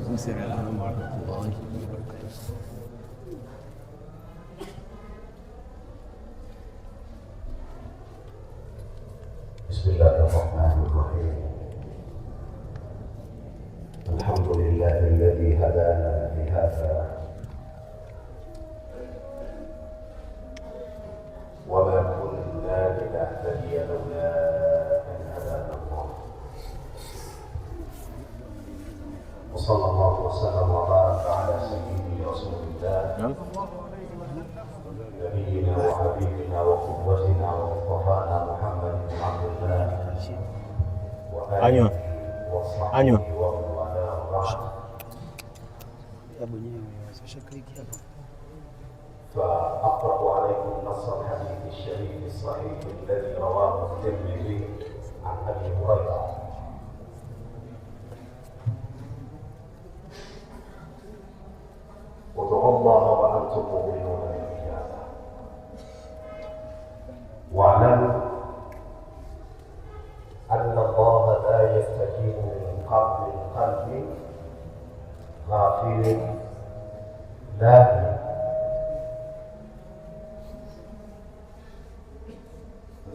comecei a ganhar. وقدوتنا ومصطفانا محمد بن عبد الله أيوه أيوه فأقرأ عليكم نص الحديث الشريف الصحيح الذي رواه الترمذي عن أبي هريرة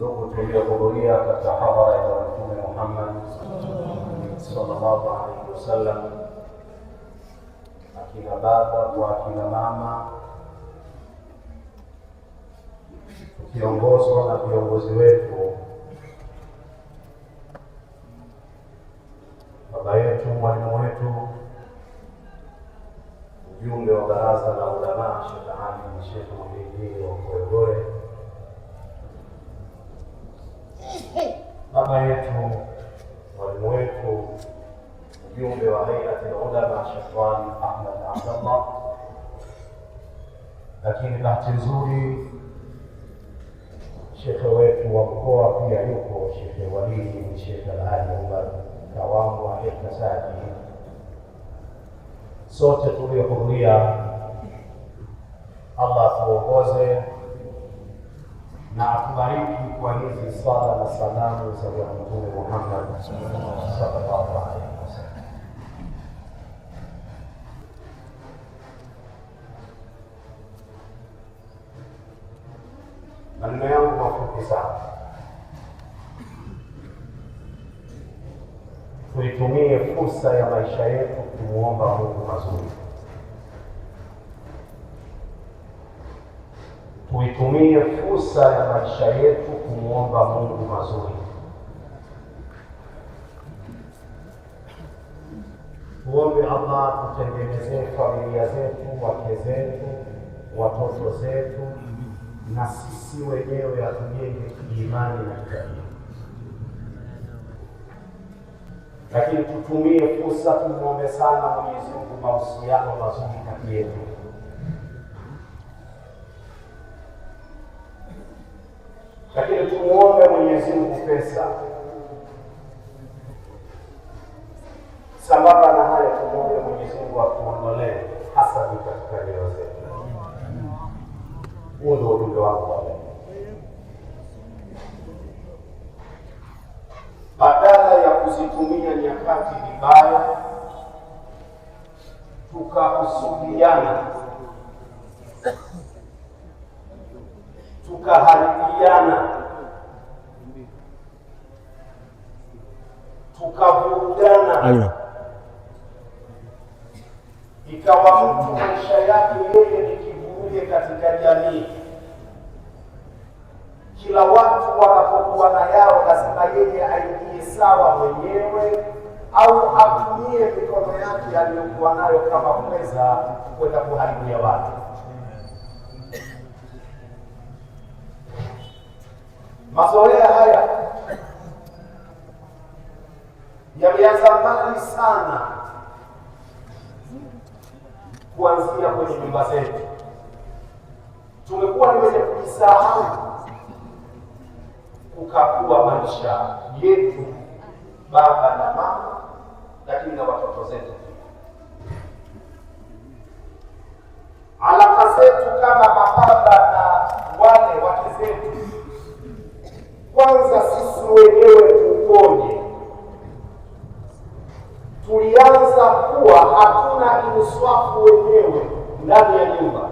ndugu tuliyohudhuria katika hadhara ya Mtume Muhammad sallallahu alaihi wasallam, akina baba kwa akina mama, tukiongozwa na viongozi wetu lakini bahati nzuri shekhe wetu wa mkoa pia yuko Shekhe Walidi, Shekhe Alhaji Umar Kawambwa Ekasadi, sote tuliohudhuria, Allah atuongoze na atubariki kwa hizi swala na salamu za Mtume Muhammad sallallahu alaihi wasallam. kumwomba Mungu mazuri. Tuitumie fursa ya maisha yetu kumwomba Mungu mazuri. Tuombe Allah tutengenezee familia zetu, wake zetu, watoto zetu, na sisi wenyewe hatujenge kiimani na kitabia. lakini tutumie fursa, tumwombe sana Mwenyezi Mungu mahusiano mazuri kati yetu. Lakini tumuombe Mwenyezi Mungu pesa sambamba na haya, tumuombe Mwenyezi Mungu hasa hasadi katika zetu. kusubiana, tukaharibiana, tukavurugana, ikawa mtu maisha yake yeye ni kivuruge katika jamii. Kila watu wanapokuwa na yao, lazima yeye aingie sawa mwenyewe au atumie mikono yake aliyokuwa nayo kama pweza kwenda kuharibia watu. Mazoea haya yameanza mbali sana, kuanzia kwenye nyumba zetu. Tumekuwa ni wenye kujisahau kukagua maisha yetu, baba na mama lakini na watoto zetu. Alaka zetu kama mababa na wale wake zetu, kwanza sisi wenyewe tuponye. Tulianza kuwa hatuna inuswafu wenyewe ndani ya nyumba.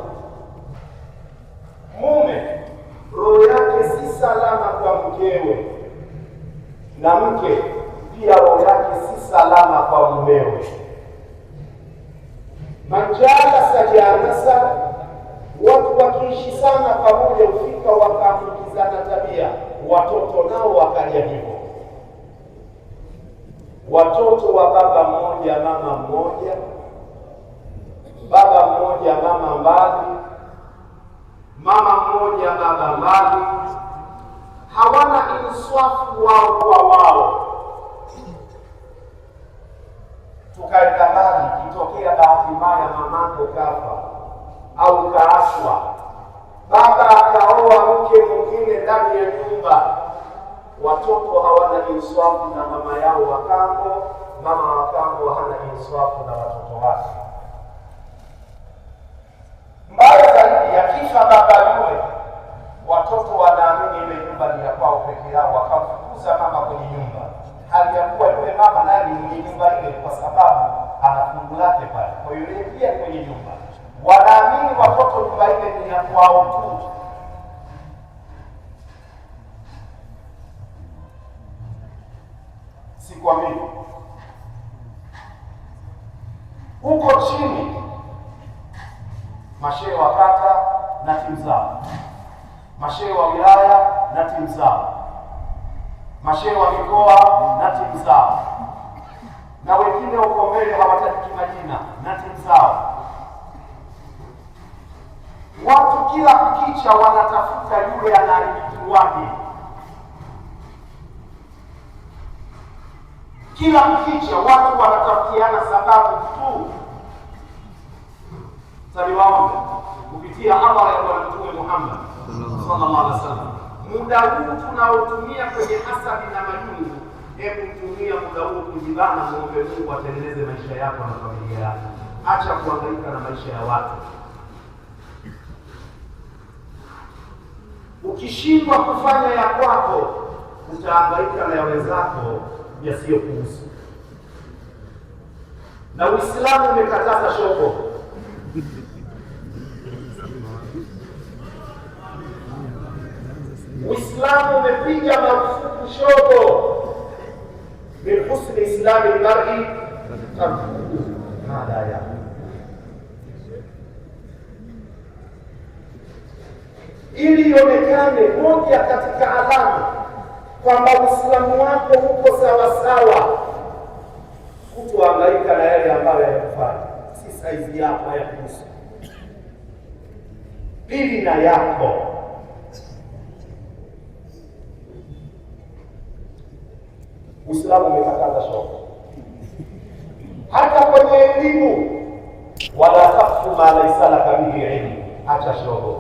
Mume roho yake si salama kwa mkewe, na mke pia roho salama kwa mumeo. Majalasa janasa, watu wakiishi sana pamoja ufika wakaambukizana tabia, watoto nao wakaja hivyo, watoto wa baba mmoja mama mmoja, baba mmoja mama mbali, mama mmoja baba mbali, hawana inswafu wao kwa wao mbaya, mamako kafa au kaaswa, baba akaoa mke mwingine ndani ya nyumba, watoto hawana inswafu na mama yao wakambo, mama wakambo hana inswafu na watoto wake. Mbaya zaidi, yakisha baba yule, watoto wanaamini ile nyumba ni ya kwao peke yao, wakamfukuza mama kwenye nyumba, hali ya kuwa yule mama naye ni mwenye nyumba ile, kwa sababu ana fungu lake pale. Kwa hiyo pia kwenye nyumba, wanaamini watoto nyumba ile ni ya kwao tu. Sikwamini huko chini, mashehe wa kata na timu zao, mashehe wa wilaya na timu zao, mashehe wa mikoa na timu zao na wengine huko mbele hawataki majina nati sawa. Watu kila kukicha wanatafuta yule anayemjua wake, kila kukicha watu wanatafutiana sababu tu taliwaona kupitia amara ya Bwana Mtume Muhammad sallallahu alaihi wasallam, muda huu tunaotumia kwenye hasabi na majungu Hebu tumia muda huu kujibana, muombe Mungu atengeneze maisha yako na familia yako. Acha kuangaika na maisha ya watu. Ukishindwa kufanya ya kwako, utaangaika na ya wenzako yasiyokuhusu. Na Uislamu umekataza shogo. Uislamu umepiga marufuku shogo min husni islami lmari hada ya ili ionekane moja katika alama kwamba Uislamu wako uko sawasawa, kutoangaika na yale ambayo yanakufanya si saizi yako ya pili na yako Uislamu umekataza shoga. Hata kwenye elimu, wala takfu ma laysa laka bihi ilmu, acha shoga.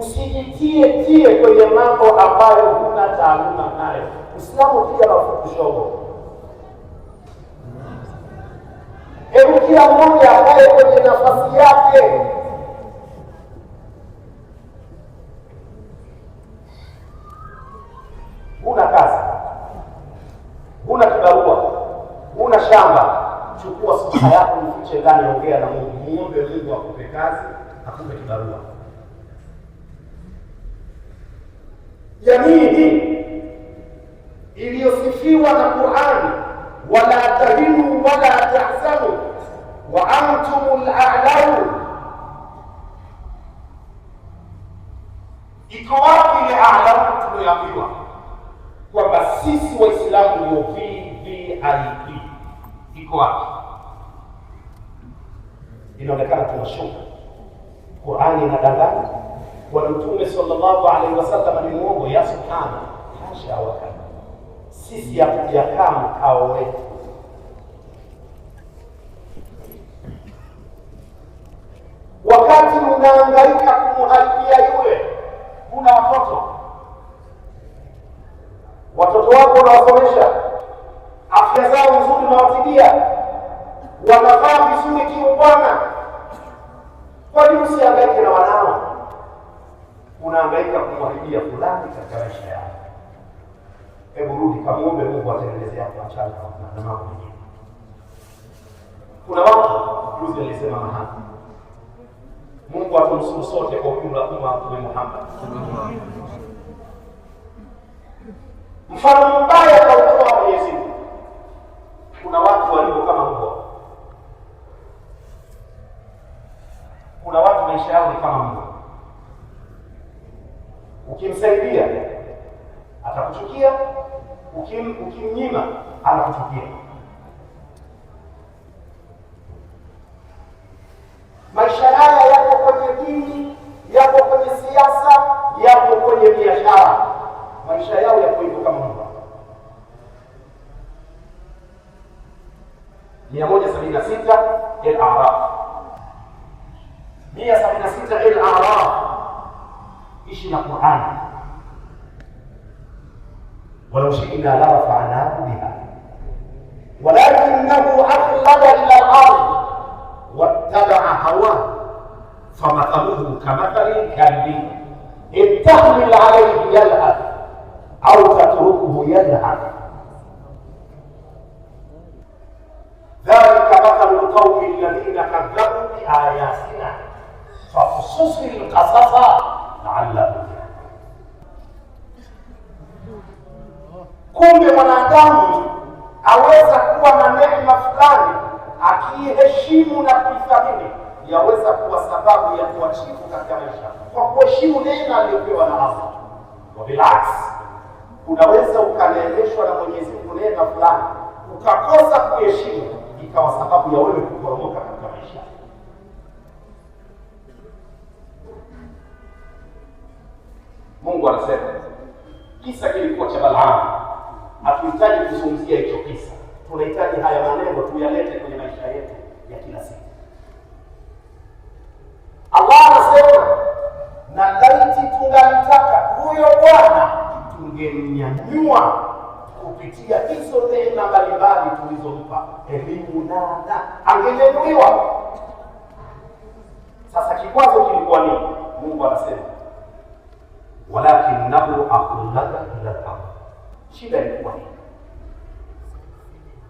Usijitie tie kwenye mambo ambayo huna taaluma nayo. Uislamu pia mafuku shoga. Hebu kila mmoja akae kwenye nafasi yake. huna kazi, huna kibarua, huna shamba, chukua silaha yako ufiche ndani, ongea na Mungu, muombe Mungu akupe kazi, akupe kibarua. Jamii hii iliyosifiwa na Qur'ani, wala tahinu wala tahzanu wa antumul a'lamu iko wapi ile alamu tuliyoambiwa? kwamba sisi Waislamu ndio VIP iko wapi? Inaonekana tunashuka. Qurani inadanganya, kwa Mtume sallallahu alaihi wasallam ni muongo. Ya subhana, hasha wakala. Sisi hatujakaa mkao wetu wakati mnaangaika kumhalifia yule, kuna watoto watoto wako unawasomesha, afya zao nzuri unawatibia, wanavaa vizuri kiungwana. Kwa nini usihangaike na wanao? Unaangaika kumwharibia fulani katika maisha yao. Hebu rudi kamuombe Mungu atengeneze yako wachanga na mambo mengine. Kuna watu juzi alisema mahali Mungu atumsuru sote kwa ujumla umma wa Mtume Muhammad Mfano mbaya kautoa Mwenyezi Mungu. Kuna watu walio kama mbwa, kuna watu maisha yao ni kama mbwa. Ukimsaidia atakuchukia, ukim- ukimnyima anakuchukia. Maisha haya yako kwenye dini alqaumi alladhina kadhabu biayatina fakususi lkasasa laallahu Kumbe mwanadamu aweza kuwa na neema fulani akiiheshimu na kuithamini, yaweza kuwa sababu ya kuachivu katika maisha kwa kuheshimu neema aliyopewa na Allah. Kwa bilaksi, unaweza ukaneemeshwa na Mwenyezi Mungu neema fulani ukakosa kuheshimu ikawa sababu ya wewe kuporomoka katika maisha. Mungu anasema kisa kilikuwa cha Balaamu. Hatuhitaji kuzungumzia hicho kisa, tunahitaji haya maneno tuyalete kwenye maisha yetu ya kila siku. Allah anasema na laiti tungalitaka huyo Bwana tungemnyanyua kupitia hizo neema mbalimbali tulizompa, elimu nana, angejeruhiwa. Sasa kikwazo kilikuwa nini? Mungu anasema walakinahu akullaka ila lard, shida ilikuwa nini?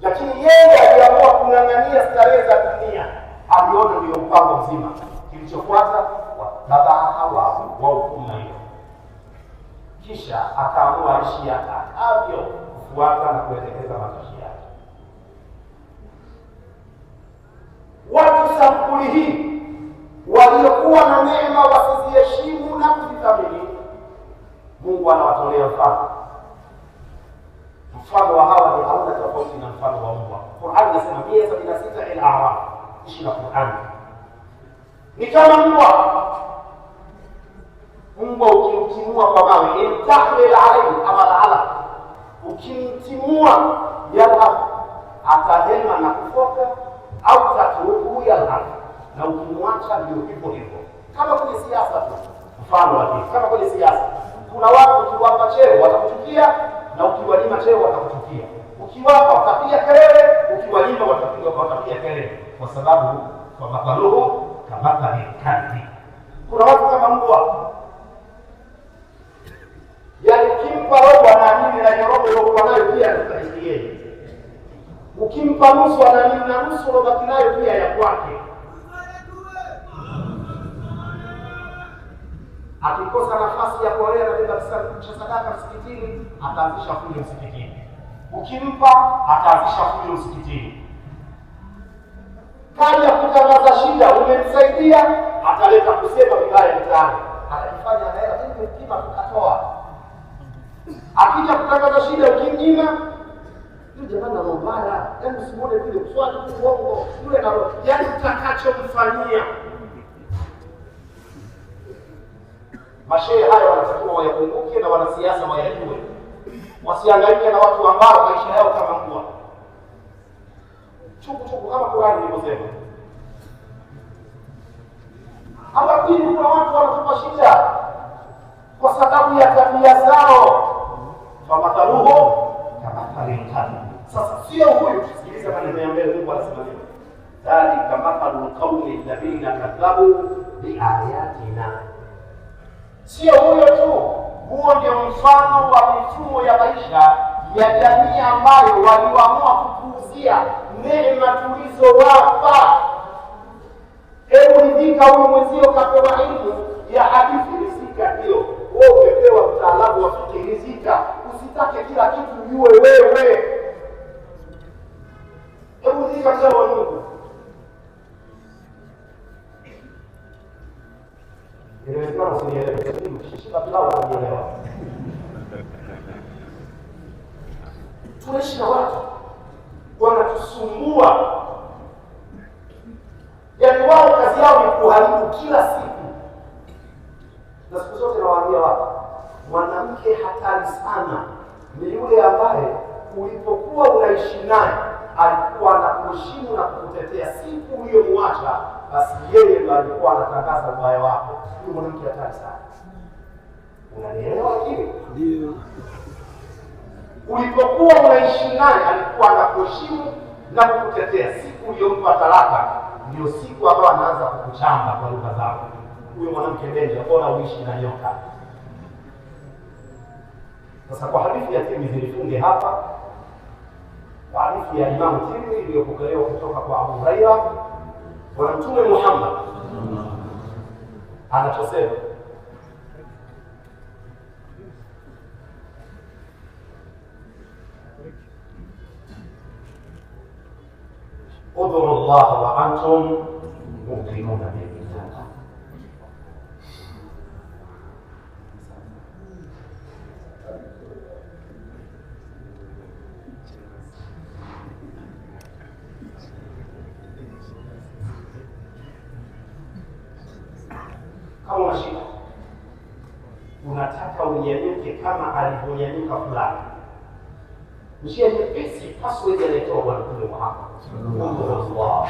Lakini yeye aliamua kung'ang'ania starehe za dunia, aliona ndio mpango mzima. Kilichofuata watabaa wa hiyo, kisha akaamua ishi atakavyo kufuata na kuelekeza mazishi yake. Watu sampuli hii waliokuwa na neema wasiziheshimu na kuzithamini, Mungu anawatolea mfano. Mfano wa hawa ni hauna tofauti na mfano wa mbwa. Qurani inasema mia sabini na sita Al-A'raf ishi na Qurani ni kama mbwa mbwa ukimtimua kwa mawe intahlil alaihi ama laala ukimtimua yalhaq atahema na kufoka au tatrukuhu yalhaq, na ukimwacha ndio hivyo hivyo, kama kwenye siasa tu. Mfano wa kama kwenye siasa, kuna watu ukiwapa cheo watakuchukia na ukiwalima cheo watakuchukia. Ukiwapa watapiga kelele, ukiwalima watapiga watapiga kelele, kwa sababu kwa mathaluhu kamathali kalbi. Kuna watu kama mbwa, yani ukimpa dhambi na nyororo iliyokuwa nayo pia Ekaristi yenu. Ukimpa nusu na nusu unabaki nayo pia ya kwake. Akikosa nafasi ya kuolea na beba cha sadaka msikitini, ataanzisha fujo msikitini. Ukimpa ataanzisha fujo msikitini. Kaja kutangaza shida, umemsaidia ataleta kusema vibaya mtaani, atajifanya anaela mkima tukatoa akija kutangaza shida kingina jamani na mabaya, yaani usimwone vile swali kuongo yule na yaani utakachomfanyia. Mashehe haya wanatakiwa wayakumbuke na wanasiasa wayajue, wasiangaike na watu ambao maisha yao kama mgua chukuchuku kama Kurani ilivyosema. Hapa pili, kuna watu wanatupa shida kwa sababu ya tabia zao famathaluhu kamathali lqaumi. Sasa sio huyu, sikiliza maneno ya mbele. Mungu anasema nini? Dhalika mathalu lqaumi alladhina kadhabu biayatina. Sio huyo tu, huo ndio mfano wa mifumo ya maisha ya jamii ambayo waliamua kupuuzia neema tulizowapa. Hebu ridhika, huyu mwenzio kapewa ilmu ya akifirizika, hiyo wewe umepewa mtaalamu wa kufirizika usitake kila kitu uwe wewe. Hebu zika katika wa Mungu inawezekana usinielewe, lakini shika pilau unanielewa. Tunaishi na watu wanatusumbua, yaani wao kazi yao ni kuharibu kila siku na siku zote. Nawaambia watu, mwanamke hatari sana ni yule ambaye ulipokuwa unaishi naye alikuwa na kuheshimu na kukutetea, siku uliyomwacha basi yeye ndo alikuwa anatangaza ubaya wako. Huyu mwanamke hatari sana, unanielewa? Lakini ulipokuwa unaishi naye alikuwa na kuheshimu na kukutetea, siku uliyompa talaka ndio siku ambayo anaanza kukuchamba kwa lugha zako. Huyo mwanamke Benja, mbona uishi na nyoka? Sasa kwa hadithi ya Tirmidhi nifunge hapa, kwa hadithi ya Imamu Tirmidhi iliyopokelewa kutoka kwa Abu Huraira, Bwana Mtume Muhammad anachosema udhuru llaha wa antum unataka unyanyuke kama alivyonyanyuka fulani. Njia nyepesi password anaitoa bwana kule mwako. Mungu wa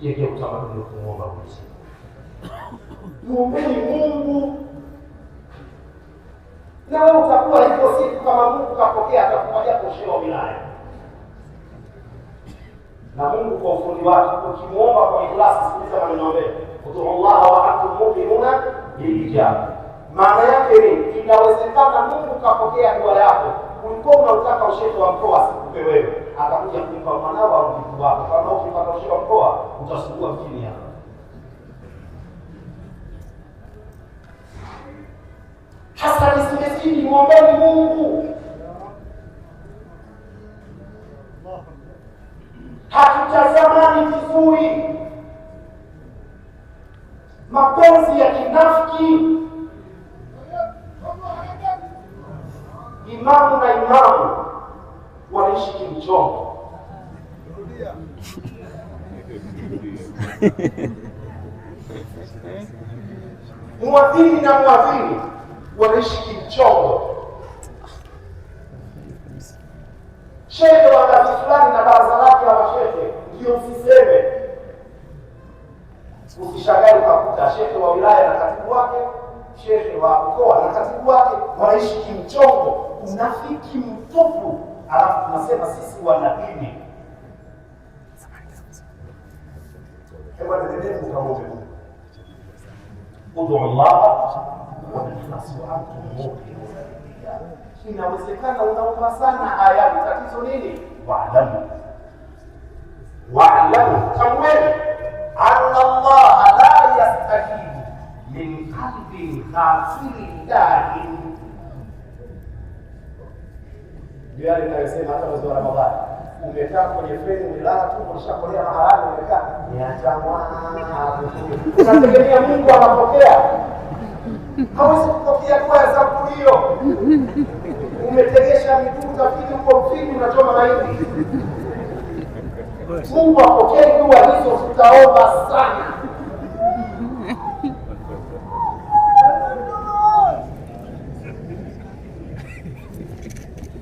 ijenge utamaduni wa kumwomba Mwenyezi Muombeni Mungu na wewe utakuwa hivyo siku, kama Mungu kapokea, atakupatia posho ya Na Mungu kwa ufundi wake, ukimuomba kwa ikhlasi, sikiliza maneno yake, ud'u Allah wa antum mu'minuna bilijaba maana yake ni inawezekana Mungu kapokea dua yako, ulikuwa unautaka ushehe wa mkoa asikupe wewe, atakuja kumpa mwanao au mjukuu wako. Kama ukipata ushehe wa mkoa utasugua mjini hapo. Hasa misikitini, mwombeni Mungu wanaishi kimchongo, shehe wa ngazi fulani na baraza lake la mashehe ndio msiseme. Ukishangaa ukakuta shehe wa wilaya na katibu wake, shehe wa mkoa na katibu wake wanaishi kimchongo, unafiki mtupu. Alafu tunasema sisi wanadini Udu llaha mfuasi wako wote inawezekana unaomba sana aya, tatizo nini? Waalamu, waalamu, tamweni anna Allah la yastajibu min qalbin ghafilin daim, ndio yale inayosema hata mwezi wa Ramadhani umekaa kwenye feni umelala tu, ulishakolea mahali, umekaa ni niacha mwana, unategemea Mungu anapokea hawezi kufikia kwa sababu hiyo umetegesha miguu tafiki huko mfini unachoma mahindi. Mungu apokee dua hizo, tutaomba sana.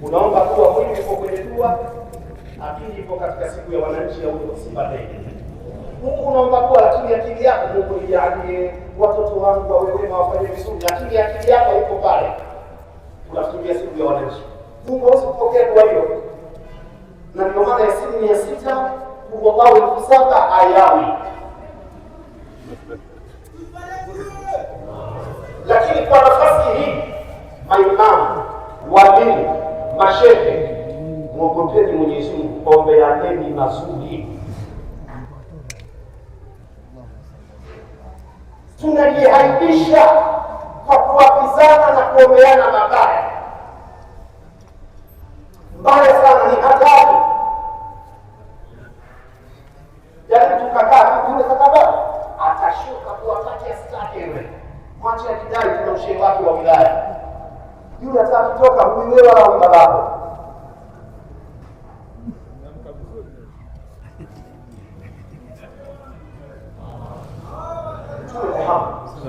Unaomba kuwa mwili uko kwenye dua, akili iko katika siku ya wananchi ya uko Simba Day. Mungu unaomba kuwa, lakini akili yako Mungu ijaalie watoto wangu wawe wema, wafanye vizuri, lakini akili yako iko pale, unafikiria siku ya wananchi. Mungu hawezi kupokea dua hiyo, na ndio maana Yasini mia sita kuwawao elfu saba ayawi lakini kwa nafasi hii maimamu, walimu, mashehe, mwogopeni Mwenyezi Mungu, ombeaneni mazuri tunaliaibisha kwa kuapizana na kuomeana mabaya. Mbaya sana, ni hatari. Yaani tukakaa kakaba atashuka kuwapata macho mwache kidai, tuna ushehe wake wa wilaya, yule ataka kutoka huiwewa au babako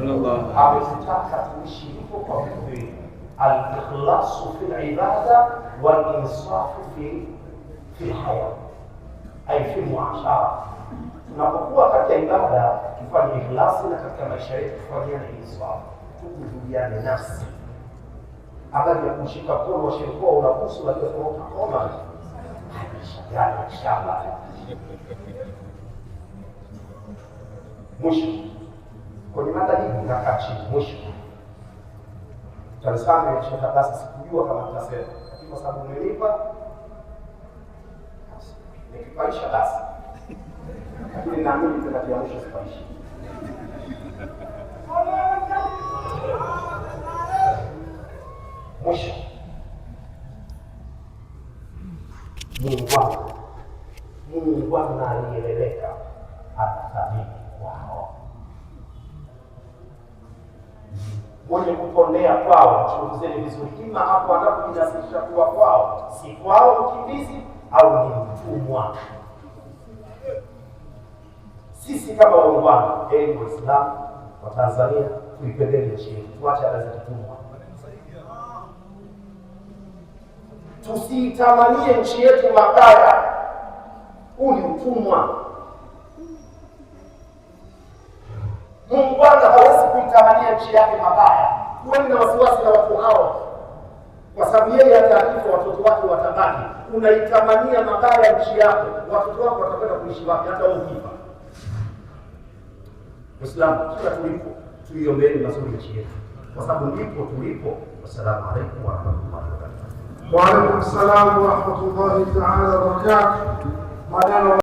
صلى الله عليه وسلم تتكت مشيئته وفكره الاخلاص في العباده والانصاف في في الحياه اي في المعاشره tunapokuwa katika ibada tufanye ikhlasi na katika maisha yetu tufanyiane inswafu tukujuliane nafsi habari ya kushika kono ushirikuwa unabusu unajua kama utakoma shagana shamba mwisho kwenye mada hii nikakaa chini mwisho kanisani nilishika basi, sikujua kama tutasema, lakini kwa sababu nilipa nikipaisha basi, lakini naamini mtakatifu mwisho sipaishi. Mwisho Mungu wangu, Mungu wangu aliyeleleka hata wenye kutolea kwao. Chunguzeni vizuri, ima hapo anapojinasibisha kuwa kwao si kwao, mkimbizi au ni mtumwa. Sisi kama waungwana, enyi Waislamu wa Tanzania, tuipendeni nchi yetu, tuache ada za kitumwa, tusiitamanie nchi yetu mabaya. Huu ni utumwa. Mungu kwanza hawezi kumtamania nchi yake mabaya. Huwe na wasiwasi na watu hao, kwa sababu yeye ataarifa watoto wake watabaki. Unaitamania mabaya nchi yako, watoto wako watakwenda kuishi wapi? Hata ukifa Muislamu, kila tulipo tuiombeni mazuri nchi yetu, kwa sababu ndipo tulipo. Wassalamu alaikum warahmatullahi wabarakatuh. Wa alaikum salamu warahmatullahi taala wabarakatuh.